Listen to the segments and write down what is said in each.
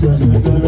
Gracias.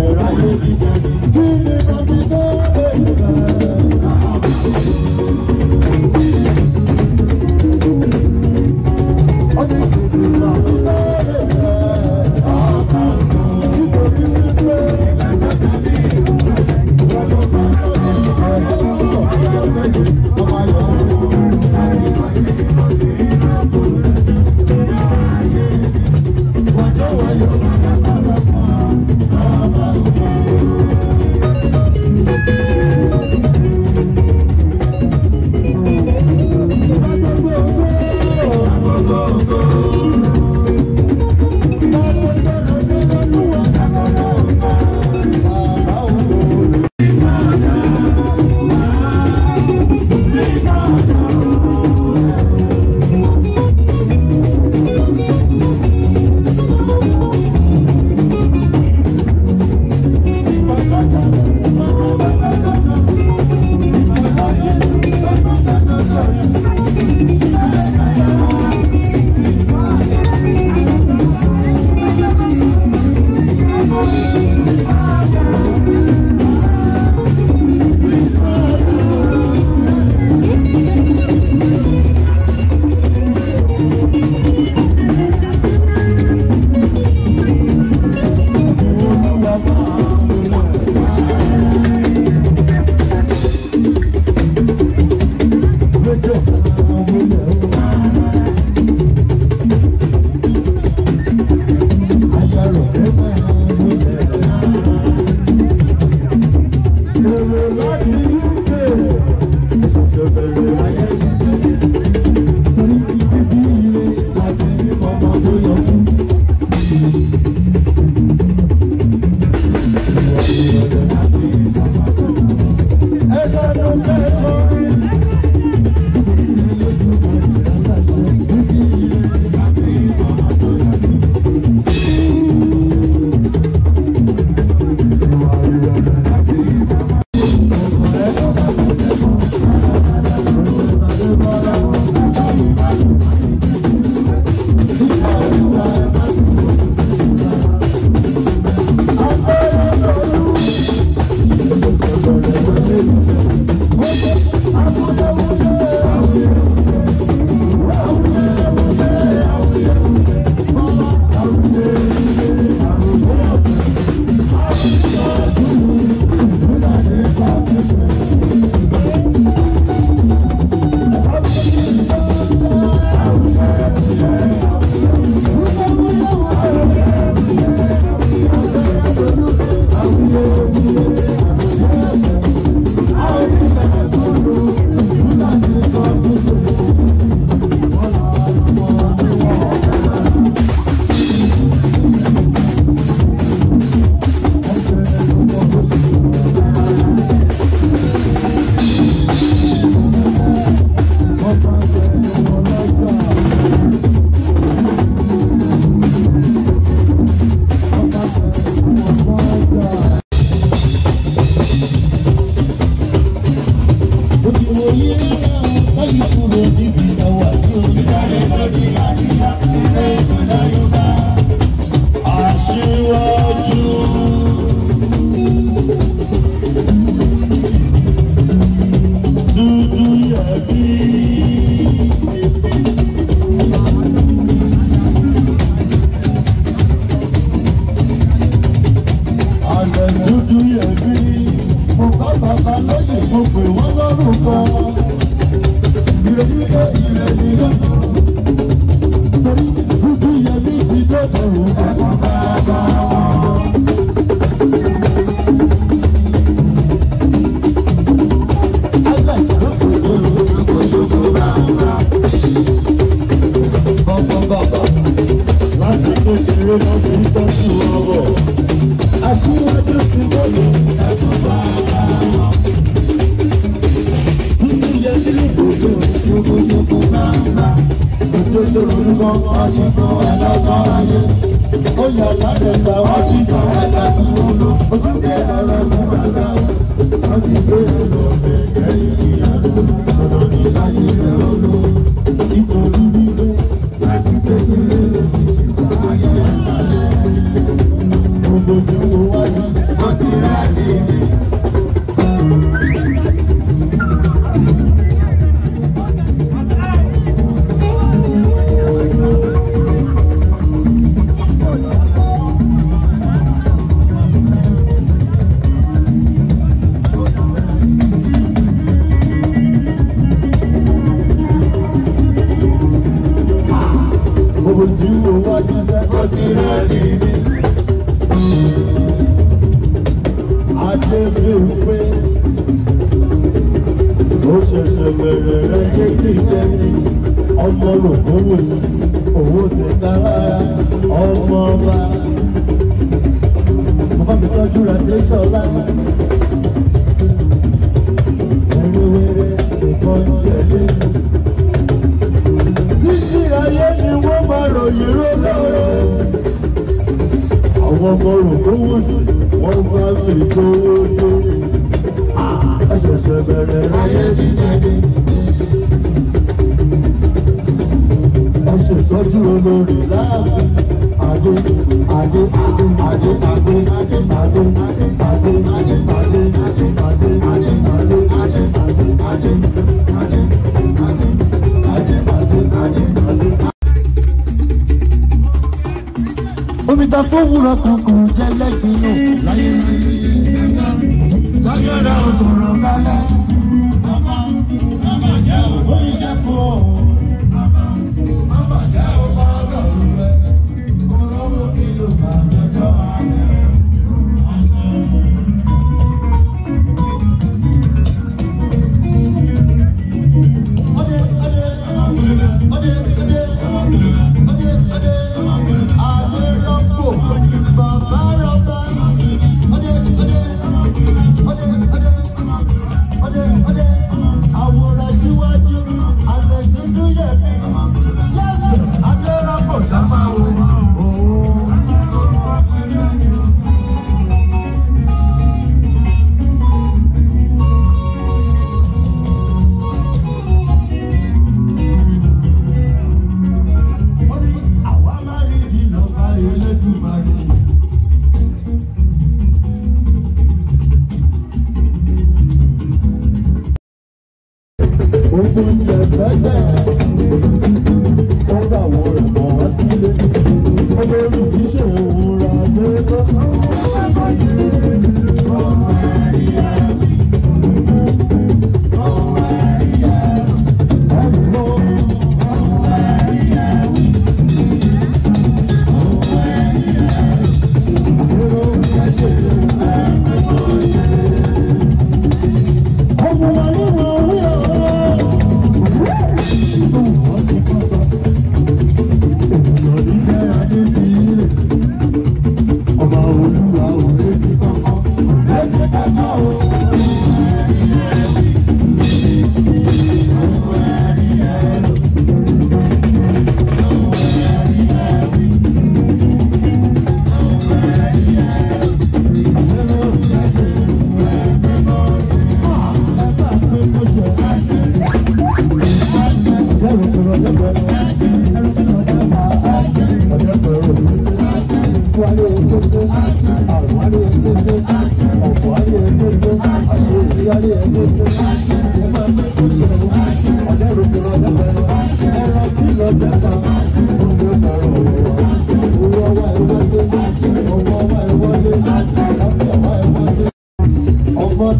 ju ẹbí mo bá bàbá lóyè mo pè wọ́n lórúkọ. ẹlẹ́gbọ́n ayé. Ó yẹ ládẹ́gbà ó ti sọ ẹlẹ́gbọ́n e lọ. Ojú kẹ́ ẹ̀rọ fún bàbá. Wọ́n ti ẹ̀rọ. ó ti rẹ́rìn mi. Adébí wípé ó ṣẹ̀ṣẹ̀ bẹ̀rẹ̀ rẹ̀ kékeré jẹ́ ní ọmọ rògbòwò sí owó ti ta lára ọmọ ọba. Bàbá mi tọ́jú ra dé sọ́lá. Ẹni ọ̀rọ̀ yìí ló lọ́rọ̀. àwọn ọmọ rò kówó sí wọ́n bá mi kówó dé. a ṣẹ̀ṣẹ̀ bẹ̀rẹ̀ ayé jíjẹ ni. ẹ ṣètọ́jú olórí láàbù adé adé adé adé adé adé adé adé adé adé adé adé. Thank you. omi ta fowórọ kankan jẹ́ lẹ́gbẹ̀ẹ́ òkú láyé láyé láyé rẹ̀ òtò rọ̀ kálẹ̀. lẹ́gbẹ̀ẹ́.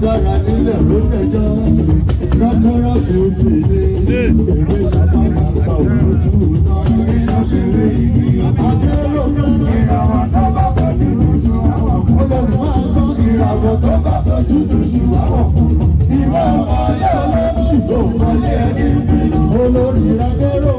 dára nílẹ̀ ló tẹjọ́ rọ́tọ́rọ́ kò tì ní èrè ṣàpá máa ń pa òkú. lórí máa ń tán ìràwọ̀ tó bá fojú dùsù àwọ̀ kù. Ìwọ ọmọlé olórí ìgbò mọ́lé ẹni olórí ìrẹ́gbẹ́rò.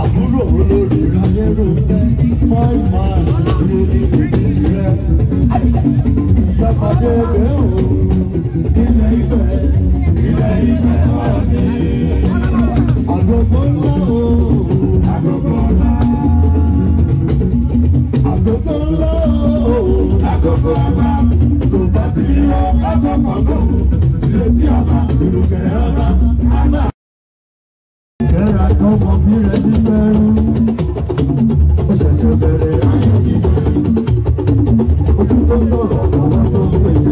àbúrò olórí rayeros five man lórí ìṣẹ́ bàbá débẹ̀ o. ọmọ bí rẹ̀ ní mẹ́rin ó ṣẹ̀ṣẹ̀ bẹ̀rẹ̀ ayé yìí ojú tó sọ̀rọ̀ ọ̀gá